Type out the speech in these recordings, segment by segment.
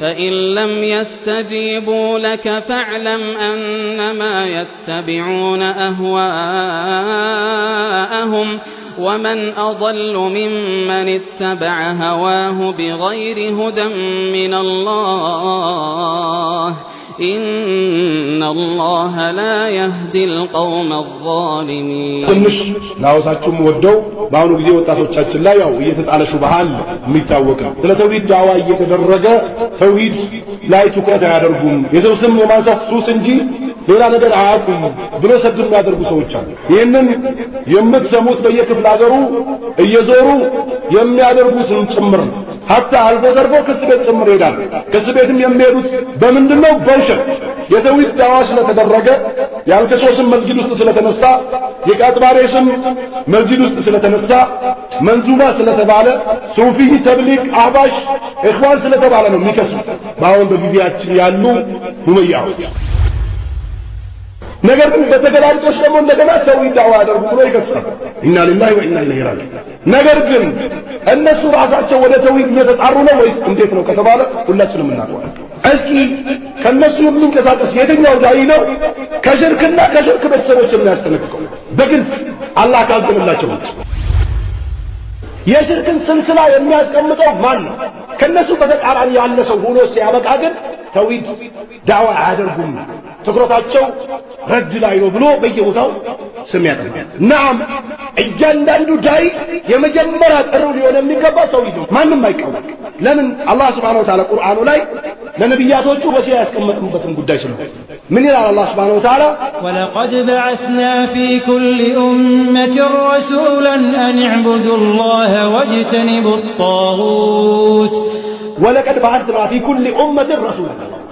فإن لم يستجيبوا لك فاعلم أنما يتبعون أهواءهم ومن أضل ممن اتبع هواه بغير هدى من الله ኢነ አላህ ላ የህዲ ልቀውም አዛሊሚን። ትንሽ ለአወሳችሁም ወደው በአሁኑ ጊዜ ወጣቶቻችን ላይ ያው እየተጣለ ሹብሃ የሚታወቅ ነው። ስለ ተውሂድ ዳዋ እየተደረገ ተውሂድ ላይ ትኩረት አያደርጉም። የሰው ስም የማንሳት ሱስ እንጂ ሌላ ነገር አያውቁም ብሎ ሰድ የሚያደርጉ ሰዎች አሉ። ይህንን የምትሰሙት በየክፍለ ሀገሩ እየዞሩ የሚያደርጉትን ጭምር ነው። ሀታ አልፎ ተርፎ ክስ ቤት ጭምር ይሄዳል። ክስ ቤትም የሚሄዱት በምንድን ነው? በውሸት የተውሂድ ዳዋ ስለተደረገ የአልከሶ ስም መስጊድ ውስጥ ስለተነሳ፣ የቃጥባሬ ስም መስጊድ ውስጥ ስለተነሳ፣ መንዙማ ስለተባለ፣ ሱፊ ተብሊግ አህባሽ እኽዋን ስለተባለ ነው የሚከሱት። በአሁን በጊዜያችን ያሉ ሁመያዎች ነገር ግን በተገላልጦች ደግሞ እንደገና ሰው ዳዋ አደርጉ ብሎ ይከሳል። ኢና ሊላሂ ወኢና ኢለይሂ ራጂዑን። ነገር ግን እነሱ ራሳቸው ወደ ተውሂድ እየተጣሩ ነው ወይስ እንዴት ነው ከተባለ ሁላችንም እናውቀዋለን። እስኪ ከነሱ የሚንቀሳቀስ የትኛው ዳይ ነው ከሽርክና ከሽርክ ቤተሰቦች የሚያስጠነቅቀው? በግልጽ አላህ ካልተመላቸው የሽርክን ስልስላ የሚያስቀምጠው ማን ነው? ከነሱ በተቃራኒ ያለ ሰው ሆኖ ሲያበቃ ግን توحيد دعوة عادرهم تقرأت عجو رجل عيرو بلو بيهوتاو سمياتا نعم الجنة عنده جاي يما جمرات الرول يونا من كبا توحيد ما نم لمن الله سبحانه وتعالى قرآن لاي لنبيات وجو وسيا يسكمت مبتن قداش من يرى الله سبحانه وتعالى ولقد بعثنا في كل أمة رسولا أن اعبدوا الله واجتنبوا الطاغوت ወለቀድ በአስና ፊ ኩል ኡመትን ረሱላ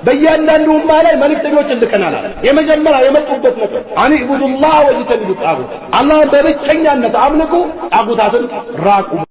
በእያንዳንዱ ኡማ ላይ መልእክተኞች ልከናል። የመጀመሪያ የመጡበት ነጥብ አን ዕቡዱላህ ወጅተኒቡ ጣጉት አላህን በብቸኛነት አምልኩ፣ ጣጉታትን ራቁ።